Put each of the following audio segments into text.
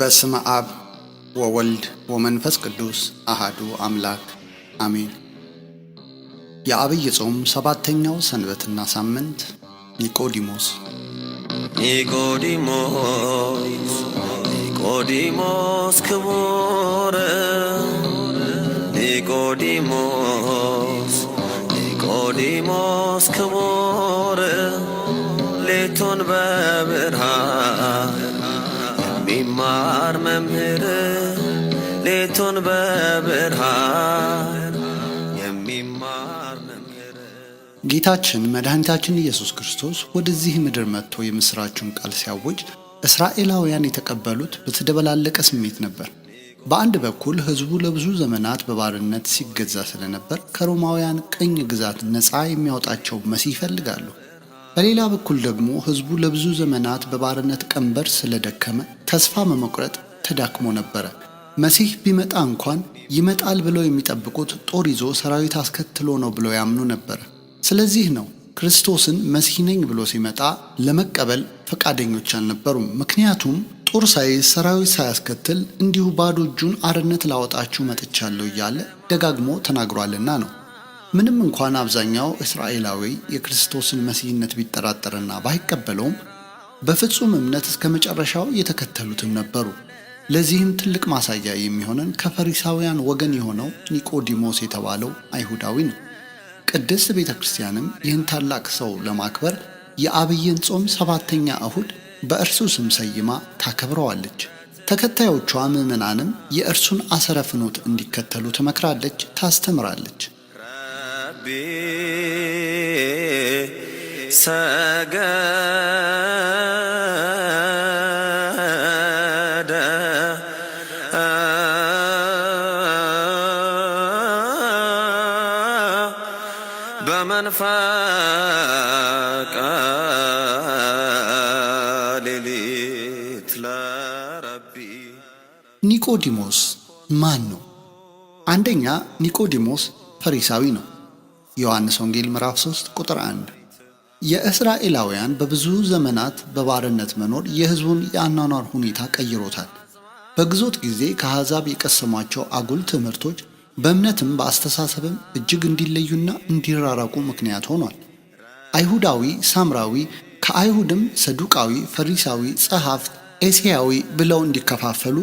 በስመ አብ ወወልድ ወመንፈስ ቅዱስ አሃዱ አምላክ አሜን። የዐቢይ ጾም ሰባተኛው ሰንበትና ሳምንት ኒቆዲሞስ ኒቆዲሞስ ኒቆዲሞስ ክቡር ኒቆዲሞስ ኒቆዲሞስ ክቡር ሌቱን በብርሃን ቢማር መምህር ሌቱን በብርሃን የሚማር መምህር ጌታችን መድኃኒታችን ኢየሱስ ክርስቶስ ወደዚህ ምድር መጥቶ የምሥራችን ቃል ሲያውጅ እስራኤላውያን የተቀበሉት በተደበላለቀ ስሜት ነበር። በአንድ በኩል ሕዝቡ ለብዙ ዘመናት በባርነት ሲገዛ ስለነበር ከሮማውያን ቅኝ ግዛት ነፃ የሚያወጣቸው መሲህ ይፈልጋሉ። በሌላ በኩል ደግሞ ህዝቡ ለብዙ ዘመናት በባርነት ቀንበር ስለደከመ ተስፋ በመቁረጥ ተዳክሞ ነበረ። መሲህ ቢመጣ እንኳን ይመጣል ብለው የሚጠብቁት ጦር ይዞ ሰራዊት አስከትሎ ነው ብለው ያምኑ ነበር። ስለዚህ ነው ክርስቶስን መሲህ ነኝ ብሎ ሲመጣ ለመቀበል ፈቃደኞች አልነበሩም። ምክንያቱም ጦር ሳይዝ ሰራዊት ሳያስከትል እንዲሁ ባዶ እጁን አርነት ላወጣችሁ መጥቻለሁ እያለ ደጋግሞ ተናግሯልና ነው። ምንም እንኳን አብዛኛው እስራኤላዊ የክርስቶስን መሲህነት ቢጠራጠርና ባይቀበለውም በፍጹም እምነት እስከ መጨረሻው የተከተሉትም ነበሩ። ለዚህም ትልቅ ማሳያ የሚሆነን ከፈሪሳውያን ወገን የሆነው ኒቆዲሞስ የተባለው አይሁዳዊ ነው። ቅድስት ቤተ ክርስቲያንም ይህን ታላቅ ሰው ለማክበር የአብይን ጾም ሰባተኛ እሁድ በእርሱ ስም ሰይማ ታከብረዋለች። ተከታዮቿ ምዕመናንም የእርሱን አሰረ ፍኖት እንዲከተሉ ትመክራለች፣ ታስተምራለች። ልቤ ሰገደ ኒቆዲሞስ ማን ነው? አንደኛ ኒቆዲሞስ ፈሪሳዊ ነው። ዮሐንስ ወንጌል ምዕራፍ 3 ቁጥር 1። የእስራኤላውያን በብዙ ዘመናት በባርነት መኖር የሕዝቡን የአኗኗር ሁኔታ ቀይሮታል። በግዞት ጊዜ ከአሕዛብ የቀሰሟቸው አጉል ትምህርቶች በእምነትም በአስተሳሰብም እጅግ እንዲለዩና እንዲራራቁ ምክንያት ሆኗል። አይሁዳዊ፣ ሳምራዊ፣ ከአይሁድም ሰዱቃዊ፣ ፈሪሳዊ፣ ጸሐፍት፣ ኤስያዊ ብለው እንዲከፋፈሉ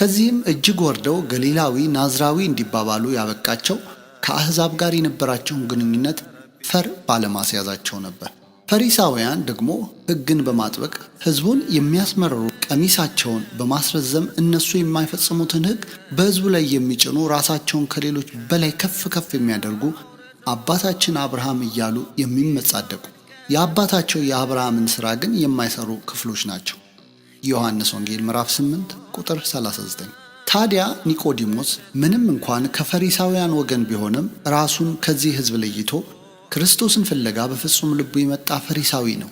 ከዚህም እጅግ ወርደው ገሊላዊ፣ ናዝራዊ እንዲባባሉ ያበቃቸው ከአሕዛብ ጋር የነበራቸውን ግንኙነት ፈር ባለማስያዛቸው ነበር። ፈሪሳውያን ደግሞ ሕግን በማጥበቅ ሕዝቡን የሚያስመርሩ ቀሚሳቸውን በማስረዘም እነሱ የማይፈጽሙትን ሕግ በሕዝቡ ላይ የሚጭኑ ራሳቸውን ከሌሎች በላይ ከፍ ከፍ የሚያደርጉ አባታችን አብርሃም እያሉ የሚመጻደቁ የአባታቸው የአብርሃምን ሥራ ግን የማይሰሩ ክፍሎች ናቸው። ዮሐንስ ወንጌል ምዕራፍ 8 ቁጥር 39 ታዲያ ኒቆዲሞስ ምንም እንኳን ከፈሪሳውያን ወገን ቢሆንም ራሱን ከዚህ ሕዝብ ለይቶ ክርስቶስን ፍለጋ በፍጹም ልቡ የመጣ ፈሪሳዊ ነው።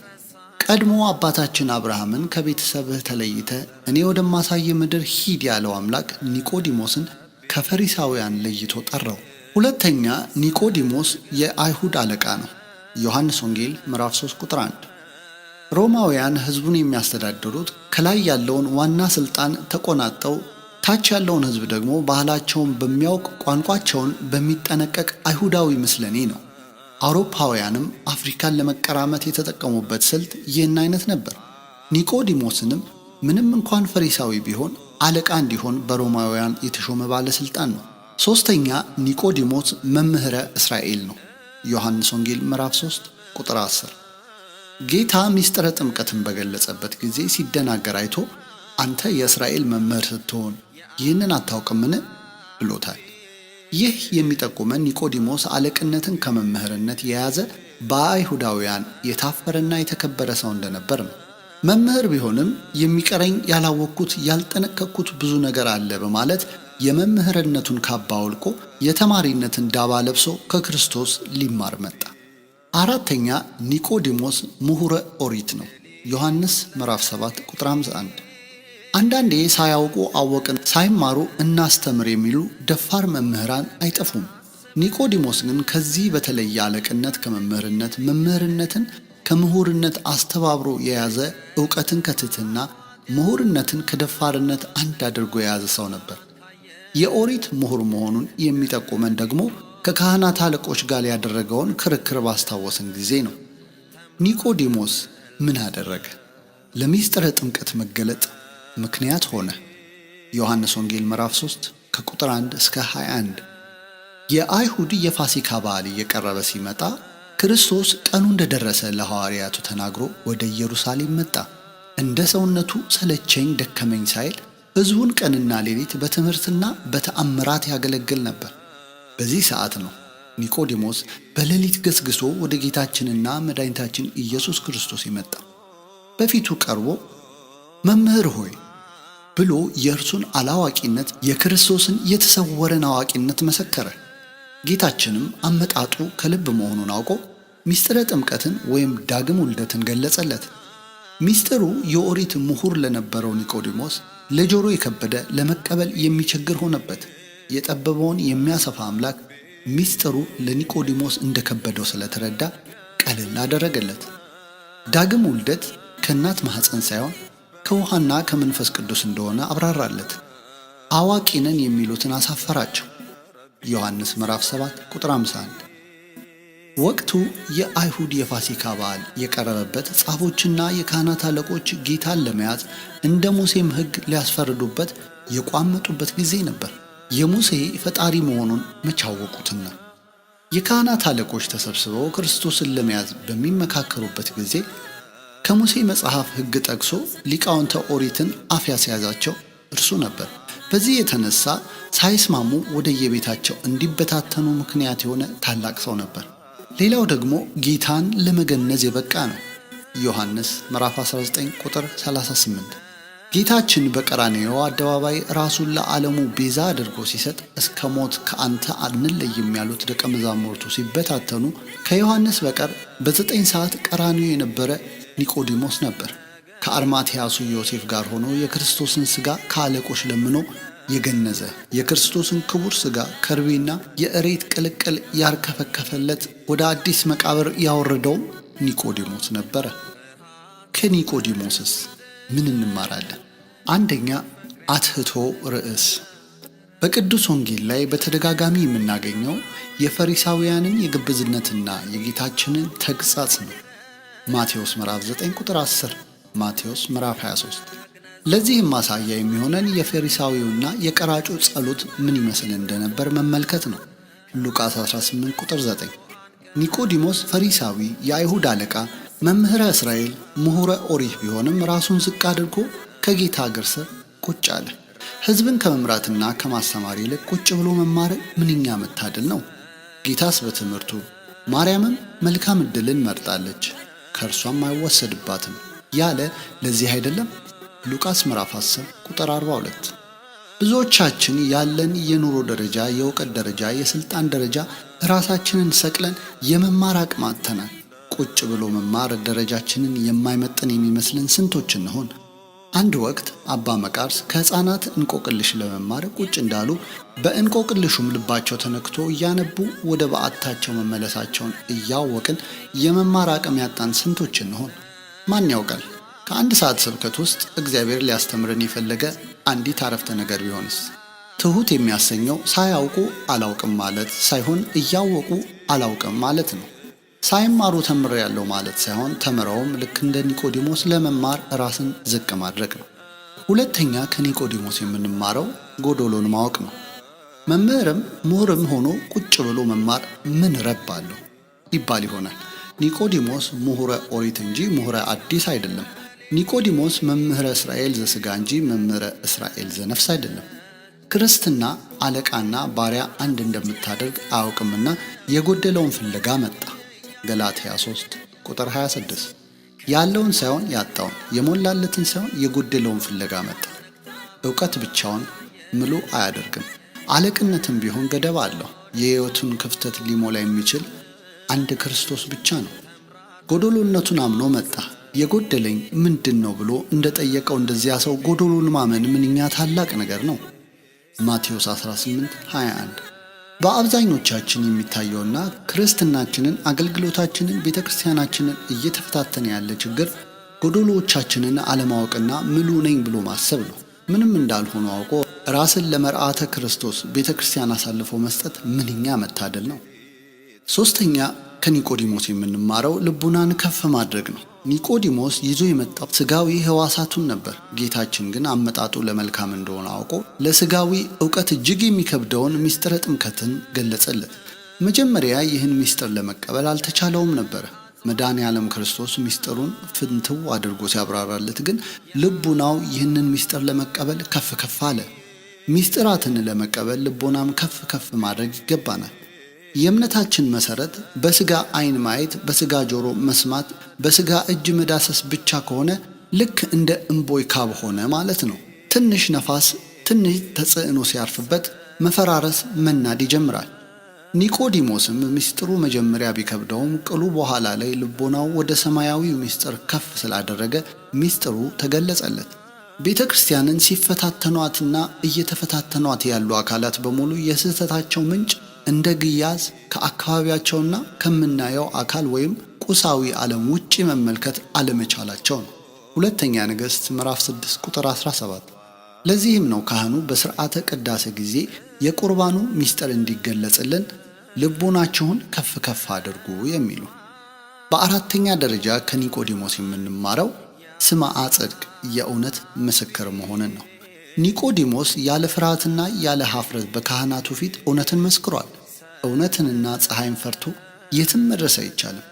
ቀድሞ አባታችን አብርሃምን ከቤተሰብህ ተለይተ እኔ ወደማሳየ ምድር ሂድ ያለው አምላክ ኒቆዲሞስን ከፈሪሳውያን ለይቶ ጠራው። ሁለተኛ ኒቆዲሞስ የአይሁድ አለቃ ነው። ዮሐንስ ወንጌል ምዕራፍ 3 ቁጥር 1። ሮማውያን ሕዝቡን የሚያስተዳድሩት ከላይ ያለውን ዋና ሥልጣን ተቆናጠው ታች ያለውን ህዝብ ደግሞ ባህላቸውን በሚያውቅ ቋንቋቸውን በሚጠነቀቅ አይሁዳዊ ምስለኔ ነው። አውሮፓውያንም አፍሪካን ለመቀራመት የተጠቀሙበት ስልት ይህን አይነት ነበር። ኒቆዲሞስንም ምንም እንኳን ፈሪሳዊ ቢሆን አለቃ እንዲሆን በሮማውያን የተሾመ ባለሥልጣን ነው። ሦስተኛ ኒቆዲሞስ መምህረ እስራኤል ነው። ዮሐንስ ወንጌል ምዕራፍ 3 ቁጥር 10 ጌታ ምስጢረ ጥምቀትን በገለጸበት ጊዜ ሲደናገር አይቶ አንተ የእስራኤል መምህር ስትሆን ይህንን አታውቅምን ብሎታል። ይህ የሚጠቁመን ኒቆዲሞስ አለቅነትን ከመምህርነት የያዘ በአይሁዳውያን የታፈረና የተከበረ ሰው እንደነበር ነው። መምህር ቢሆንም የሚቀረኝ ያላወቅኩት ያልጠነቀቅኩት ብዙ ነገር አለ በማለት የመምህርነቱን ካባ አውልቆ የተማሪነትን ዳባ ለብሶ ከክርስቶስ ሊማር መጣ። አራተኛ ኒቆዲሞስ ምሁረ ኦሪት ነው። ዮሐንስ ምዕራፍ 7 ቁጥር 51 አንዳንዴ ሳያውቁ አወቅን፣ ሳይማሩ እናስተምር የሚሉ ደፋር መምህራን አይጠፉም። ኒቆዲሞስ ግን ከዚህ በተለየ አለቅነት ከመምህርነት መምህርነትን ከምሁርነት አስተባብሮ የያዘ እውቀትን ከትህትና ምሁርነትን ከደፋርነት አንድ አድርጎ የያዘ ሰው ነበር። የኦሪት ምሁር መሆኑን የሚጠቁመን ደግሞ ከካህናት አለቆች ጋር ያደረገውን ክርክር ባስታወስን ጊዜ ነው። ኒቆዲሞስ ምን አደረገ? ለሚስጥረ ጥምቀት መገለጥ ምክንያት ሆነ። ዮሐንስ ወንጌል ምዕራፍ 3 ከቁጥር 1 እስከ 21። የአይሁድ የፋሲካ በዓል እየቀረበ ሲመጣ ክርስቶስ ቀኑ እንደደረሰ ለሐዋርያቱ ተናግሮ ወደ ኢየሩሳሌም መጣ። እንደ ሰውነቱ ሰለቸኝ ደከመኝ ሳይል ሕዝቡን ቀንና ሌሊት በትምህርትና በተአምራት ያገለግል ነበር። በዚህ ሰዓት ነው ኒቆዲሞስ በሌሊት ገስግሶ ወደ ጌታችንና መድኃኒታችን ኢየሱስ ክርስቶስ የመጣ። በፊቱ ቀርቦ መምህር ሆይ ብሎ የእርሱን አላዋቂነት የክርስቶስን የተሰወረን አዋቂነት መሰከረ። ጌታችንም አመጣጡ ከልብ መሆኑን አውቆ ሚስጥረ ጥምቀትን ወይም ዳግም ውልደትን ገለጸለት። ሚስጥሩ የኦሪት ምሁር ለነበረው ኒቆዲሞስ ለጆሮ የከበደ ለመቀበል የሚቸግር ሆነበት። የጠበበውን የሚያሰፋ አምላክ ሚስጥሩ ለኒቆዲሞስ እንደከበደው ስለተረዳ ቀልል አደረገለት። ዳግም ውልደት ከእናት ማኅፀን ሳይሆን ከውሃና ከመንፈስ ቅዱስ እንደሆነ አብራራለት። አዋቂ ነን የሚሉትን አሳፈራቸው። ዮሐንስ ምዕራፍ 7 ቁጥር 51። ወቅቱ የአይሁድ የፋሲካ በዓል የቀረበበት ጻፎችና የካህናት አለቆች ጌታን ለመያዝ እንደ ሙሴም ሕግ ሊያስፈርዱበት የቋመጡበት ጊዜ ነበር። የሙሴ ፈጣሪ መሆኑን መቻወቁትና የካህናት አለቆች ተሰብስበው ክርስቶስን ለመያዝ በሚመካከሩበት ጊዜ ከሙሴ መጽሐፍ ሕግ ጠቅሶ ሊቃውንተ ኦሪትን አፍ ያስያዛቸው እርሱ ነበር። በዚህ የተነሳ ሳይስማሙ ወደየቤታቸው እንዲበታተኑ ምክንያት የሆነ ታላቅ ሰው ነበር። ሌላው ደግሞ ጌታን ለመገነዝ የበቃ ነው። ዮሐንስ ምዕራፍ 19 ቁጥር 38 ጌታችን በቀራንዮ አደባባይ ራሱን ለዓለሙ ቤዛ አድርጎ ሲሰጥ እስከ ሞት ከአንተ አንለይም ያሉት ደቀ መዛሙርቱ ሲበታተኑ ከዮሐንስ በቀር በዘጠኝ ሰዓት ቀራንዮ የነበረ ኒቆዲሞስ ነበር። ከአርማትያሱ ዮሴፍ ጋር ሆኖ የክርስቶስን ሥጋ ከአለቆች ለምኖ የገነዘ የክርስቶስን ክቡር ሥጋ ከርቤና የእሬት ቅልቅል ያርከፈከፈለት ወደ አዲስ መቃብር ያወረደው ኒቆዲሞስ ነበረ። ከኒቆዲሞስስ ምን እንማራለን? አንደኛ አትህቶ ርዕስ በቅዱስ ወንጌል ላይ በተደጋጋሚ የምናገኘው የፈሪሳውያንን የግብዝነትና የጌታችንን ተግሣጽ ነው። ማቴዎስ ምዕራፍ 9 ቁጥር 10፣ ማቴዎስ ምዕራፍ 23። ለዚህም ማሳያ የሚሆነን የፈሪሳዊውና የቀራጩ ጸሎት ምን ይመስል እንደነበር መመልከት ነው። ሉቃስ 18 ቁጥር 9። ኒቆዲሞስ ፈሪሳዊ፣ የአይሁድ አለቃ፣ መምህረ እስራኤል፣ ምሁረ ኦሪህ ቢሆንም ራሱን ዝቅ አድርጎ ከጌታ እግር ስር ቁጭ አለ። ሕዝብን ከመምራትና ከማስተማር ይልቅ ቁጭ ብሎ መማር ምንኛ መታደል ነው! ጌታስ በትምህርቱ ማርያምም መልካም ዕድልን መርጣለች። ከእርሷም አይወሰድባትም ያለ ለዚህ አይደለም? ሉቃስ ምዕራፍ 10 ቁጥር 42። ብዙዎቻችን ያለን የኑሮ ደረጃ፣ የእውቀት ደረጃ፣ የስልጣን ደረጃ ራሳችንን ሰቅለን የመማር አቅም አጥተናል። ቁጭ ብሎ መማር ደረጃችንን የማይመጥን የሚመስልን ስንቶች እንሆን? አንድ ወቅት አባ መቃርስ ከህፃናት እንቆቅልሽ ለመማር ቁጭ እንዳሉ በእንቆቅልሹም ልባቸው ተነክቶ እያነቡ ወደ በዓታቸው መመለሳቸውን እያወቅን የመማር አቅም ያጣን ስንቶች እንሆን? ማን ያውቃል? ከአንድ ሰዓት ስብከት ውስጥ እግዚአብሔር ሊያስተምረን የፈለገ አንዲት አረፍተ ነገር ቢሆንስ? ትሑት የሚያሰኘው ሳያውቁ አላውቅም ማለት ሳይሆን እያወቁ አላውቅም ማለት ነው። ሳይማሩ ተምር ያለው ማለት ሳይሆን ተምረውም ልክ እንደ ኒቆዲሞስ ለመማር ራስን ዝቅ ማድረግ ነው። ሁለተኛ ከኒቆዲሞስ የምንማረው ጎዶሎን ማወቅ ነው። መምህርም ምሁርም ሆኖ ቁጭ ብሎ መማር ምን ረብ አለው ይባል ይሆናል። ኒቆዲሞስ ምሁረ ኦሪት እንጂ ምሁረ አዲስ አይደለም። ኒቆዲሞስ መምህረ እስራኤል ዘስጋ እንጂ መምህረ እስራኤል ዘነፍስ አይደለም። ክርስትና አለቃና ባሪያ አንድ እንደምታደርግ አያውቅምና የጎደለውን ፍለጋ መጣ። ገላትያ 3 ቁጥር 26 ያለውን ሳይሆን ያጣውን የሞላለትን ሳይሆን የጎደለውን ፍለጋ መጣ። እውቀት ብቻውን ምሉ አያደርግም። አለቅነትም ቢሆን ገደብ አለው። የሕይወቱን ክፍተት ሊሞላ የሚችል አንድ ክርስቶስ ብቻ ነው። ጎዶሎነቱን አምኖ መጣ። የጎደለኝ ምንድን ነው ብሎ እንደጠየቀው እንደዚያ ሰው ጎዶሎን ማመን ምንኛ ታላቅ ነገር ነው። ማቴዎስ 18 21 በአብዛኞቻችን የሚታየውና ክርስትናችንን፣ አገልግሎታችንን፣ ቤተ ክርስቲያናችንን እየተፈታተነ ያለ ችግር ጎዶሎዎቻችንን አለማወቅና ምሉ ነኝ ብሎ ማሰብ ነው። ምንም እንዳልሆኑ አውቆ ራስን ለመርዓተ ክርስቶስ ቤተ ክርስቲያን አሳልፎ መስጠት ምንኛ መታደል ነው። ሶስተኛ ከኒቆዲሞስ የምንማረው ልቡናን ከፍ ማድረግ ነው። ኒቆዲሞስ ይዞ የመጣው ስጋዊ ህዋሳቱን ነበር። ጌታችን ግን አመጣጡ ለመልካም እንደሆነ አውቆ ለስጋዊ እውቀት እጅግ የሚከብደውን ምስጢረ ጥምቀትን ገለጸለት። መጀመሪያ ይህን ምስጢር ለመቀበል አልተቻለውም ነበር። መድኃኔ ዓለም ክርስቶስ ምስጢሩን ፍንትው አድርጎ ሲያብራራለት ግን ልቡናው ይህንን ምስጢር ለመቀበል ከፍ ከፍ አለ። ምስጢራትን ለመቀበል ልቦናም ከፍ ከፍ ማድረግ ይገባናል። የእምነታችን መሰረት በስጋ አይን ማየት፣ በስጋ ጆሮ መስማት፣ በስጋ እጅ መዳሰስ ብቻ ከሆነ ልክ እንደ እምቦይ ካብ ሆነ ማለት ነው። ትንሽ ነፋስ፣ ትንሽ ተጽዕኖ ሲያርፍበት መፈራረስ፣ መናድ ይጀምራል። ኒቆዲሞስም ምስጢሩ መጀመሪያ ቢከብደውም ቅሉ በኋላ ላይ ልቦናው ወደ ሰማያዊው ምስጢር ከፍ ስላደረገ ምስጢሩ ተገለጸለት። ቤተ ክርስቲያንን ሲፈታተኗትና እየተፈታተኗት ያሉ አካላት በሙሉ የስህተታቸው ምንጭ እንደ ግያዝ ከአካባቢያቸውና ከምናየው አካል ወይም ቁሳዊ ዓለም ውጪ መመልከት አለመቻላቸው ነው። ሁለተኛ ነገሥት ምዕራፍ 6 ቁጥር 17። ለዚህም ነው ካህኑ በሥርዓተ ቅዳሴ ጊዜ የቁርባኑ ምስጢር እንዲገለጽልን ልቡናችሁን ከፍ ከፍ አድርጉ የሚሉ። በአራተኛ ደረጃ ከኒቆዲሞስ የምንማረው ስምዐ ጽድቅ የእውነት ምስክር መሆንን ነው። ኒቆዲሞስ ያለ ፍርሃትና ያለ ሀፍረት በካህናቱ ፊት እውነትን መስክሯል። እውነትንና ፀሐይን ፈርቶ የትም መድረስ አይቻልም።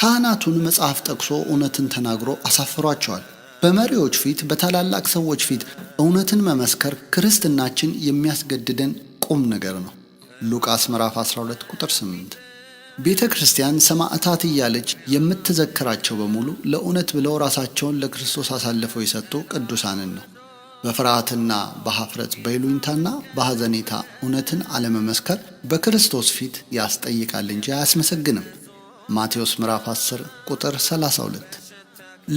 ካህናቱን መጽሐፍ ጠቅሶ እውነትን ተናግሮ አሳፍሯቸዋል። በመሪዎች ፊት፣ በታላላቅ ሰዎች ፊት እውነትን መመስከር ክርስትናችን የሚያስገድደን ቁም ነገር ነው። ሉቃስ ምዕራፍ 12 ቁጥር 8 ቤተ ክርስቲያን ሰማዕታት እያለች የምትዘክራቸው በሙሉ ለእውነት ብለው ራሳቸውን ለክርስቶስ አሳልፈው የሰጡ ቅዱሳንን ነው። በፍርሃትና በሐፍረት በይሉኝታና በሐዘኔታ እውነትን አለመመስከር በክርስቶስ ፊት ያስጠይቃል እንጂ አያስመሰግንም። ማቴዎስ ምዕራፍ 10 ቁጥር 32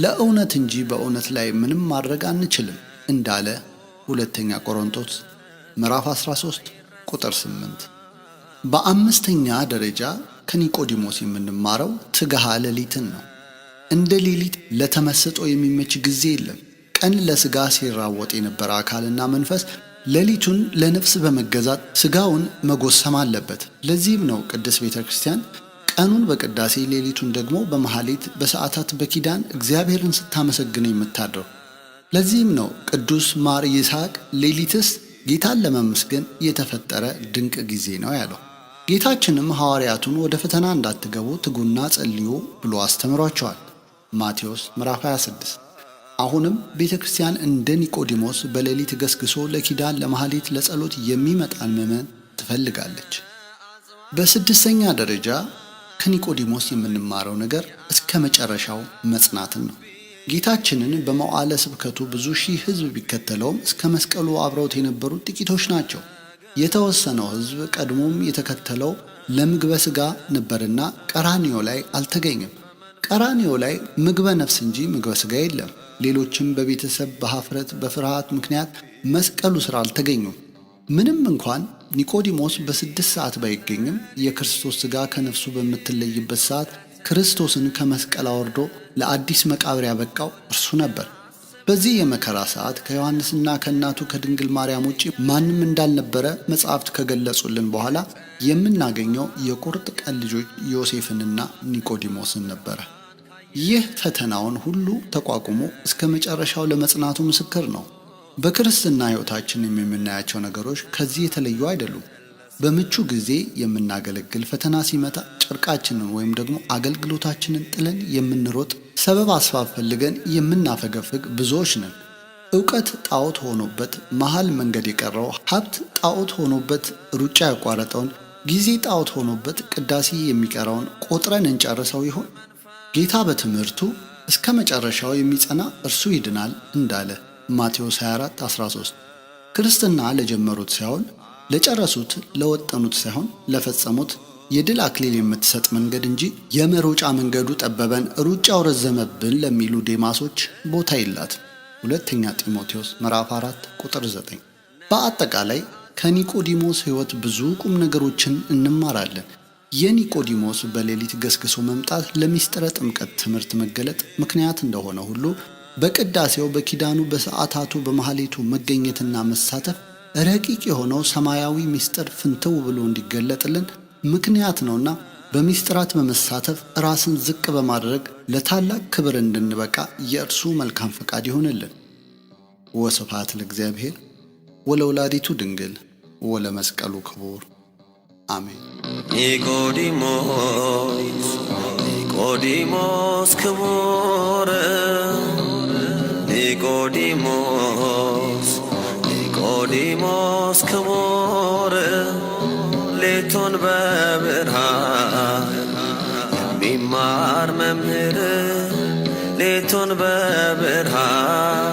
ለእውነት እንጂ በእውነት ላይ ምንም ማድረግ አንችልም እንዳለ ሁለተኛ ቆሮንቶስ ምዕራፍ 13 ቁጥር 8። በአምስተኛ ደረጃ ከኒቆዲሞስ የምንማረው ትግሃ ሌሊትን ነው። እንደ ሌሊት ለተመስጦ የሚመች ጊዜ የለም። ቀን ለስጋ ሲራወጥ የነበረ አካልና መንፈስ ሌሊቱን ለነፍስ በመገዛት ስጋውን መጎሰም አለበት። ለዚህም ነው ቅድስት ቤተ ክርስቲያን ቀኑን በቅዳሴ ሌሊቱን ደግሞ በመሐሌት በሰዓታት በኪዳን እግዚአብሔርን ስታመሰግን የምታድረው። ለዚህም ነው ቅዱስ ማር ይስሐቅ ሌሊትስ ጌታን ለመመስገን የተፈጠረ ድንቅ ጊዜ ነው ያለው። ጌታችንም ሐዋርያቱን ወደ ፈተና እንዳትገቡ ትጉና ጸልዩ ብሎ አስተምሯቸዋል። ማቴዎስ ምዕራፍ 26 አሁንም ቤተ ክርስቲያን እንደ ኒቆዲሞስ በሌሊት ገስግሶ ለኪዳን ለማህሌት፣ ለጸሎት የሚመጣን ምዕመን ትፈልጋለች። በስድስተኛ ደረጃ ከኒቆዲሞስ የምንማረው ነገር እስከ መጨረሻው መጽናትን ነው። ጌታችንን በመዋዕለ ስብከቱ ብዙ ሺህ ሕዝብ ቢከተለውም እስከ መስቀሉ አብረውት የነበሩ ጥቂቶች ናቸው። የተወሰነው ሕዝብ ቀድሞም የተከተለው ለምግበ ሥጋ ነበርና ቀራንዮ ላይ አልተገኘም። ቀራኔው ላይ ምግበ ነፍስ እንጂ ምግበ ስጋ የለም። ሌሎችም በቤተሰብ በሀፍረት በፍርሃት ምክንያት መስቀሉ ስራ አልተገኙም። ምንም እንኳን ኒቆዲሞስ በስድስት ሰዓት ባይገኝም የክርስቶስ ስጋ ከነፍሱ በምትለይበት ሰዓት ክርስቶስን ከመስቀል አወርዶ ለአዲስ መቃብር ያበቃው እርሱ ነበር። በዚህ የመከራ ሰዓት ከዮሐንስና ከእናቱ ከድንግል ማርያም ውጪ ማንም እንዳልነበረ መጽሐፍት ከገለጹልን በኋላ የምናገኘው የቁርጥ ቀን ልጆች ዮሴፍንና ኒቆዲሞስን ነበረ። ይህ ፈተናውን ሁሉ ተቋቁሞ እስከ መጨረሻው ለመጽናቱ ምስክር ነው። በክርስትና ሕይወታችን የምናያቸው ነገሮች ከዚህ የተለዩ አይደሉም። በምቹ ጊዜ የምናገለግል፣ ፈተና ሲመጣ ጨርቃችንን ወይም ደግሞ አገልግሎታችንን ጥለን የምንሮጥ፣ ሰበብ አስፋብ ፈልገን የምናፈገፍግ ብዙዎች ነን። እውቀት ጣዖት ሆኖበት መሃል መንገድ የቀረው፣ ሀብት ጣዖት ሆኖበት ሩጫ ያቋረጠውን፣ ጊዜ ጣዖት ሆኖበት ቅዳሴ የሚቀረውን ቆጥረን እንጨርሰው ይሆን? ጌታ በትምህርቱ እስከ መጨረሻው የሚጸና እርሱ ይድናል እንዳለ ማቴዎስ 24 13 ክርስትና ለጀመሩት ሳይሆን ለጨረሱት ለወጠኑት ሳይሆን ለፈጸሙት የድል አክሊል የምትሰጥ መንገድ እንጂ የመሮጫ መንገዱ ጠበበን ሩጫው ረዘመብን ለሚሉ ዴማሶች ቦታ የላት ሁለተኛ ጢሞቴዎስ ምዕራፍ 4 ቁጥር 9። በአጠቃላይ ከኒቆዲሞስ ሕይወት ብዙ ቁም ነገሮችን እንማራለን። የኒቆዲሞስ በሌሊት ገስግሶ መምጣት ለሚስጥረ ጥምቀት ትምህርት መገለጥ ምክንያት እንደሆነ ሁሉ በቅዳሴው በኪዳኑ በሰዓታቱ በመሐሌቱ መገኘትና መሳተፍ ረቂቅ የሆነው ሰማያዊ ሚስጥር ፍንትው ብሎ እንዲገለጥልን ምክንያት ነውና በሚስጥራት በመሳተፍ ራስን ዝቅ በማድረግ ለታላቅ ክብር እንድንበቃ የእርሱ መልካም ፈቃድ ይሆንልን። ወስብሐት ለእግዚአብሔር ወለወላዲቱ ድንግል ወለመስቀሉ ክቡር አሜን። ኒቆዲሞስ ኒቆዲሞስ ክቡር ኒቆዲሞስ ኒቆዲሞስ ክቡር ሌቱን በብርሃን የሚማር መምህር ሌቱን በብርሃን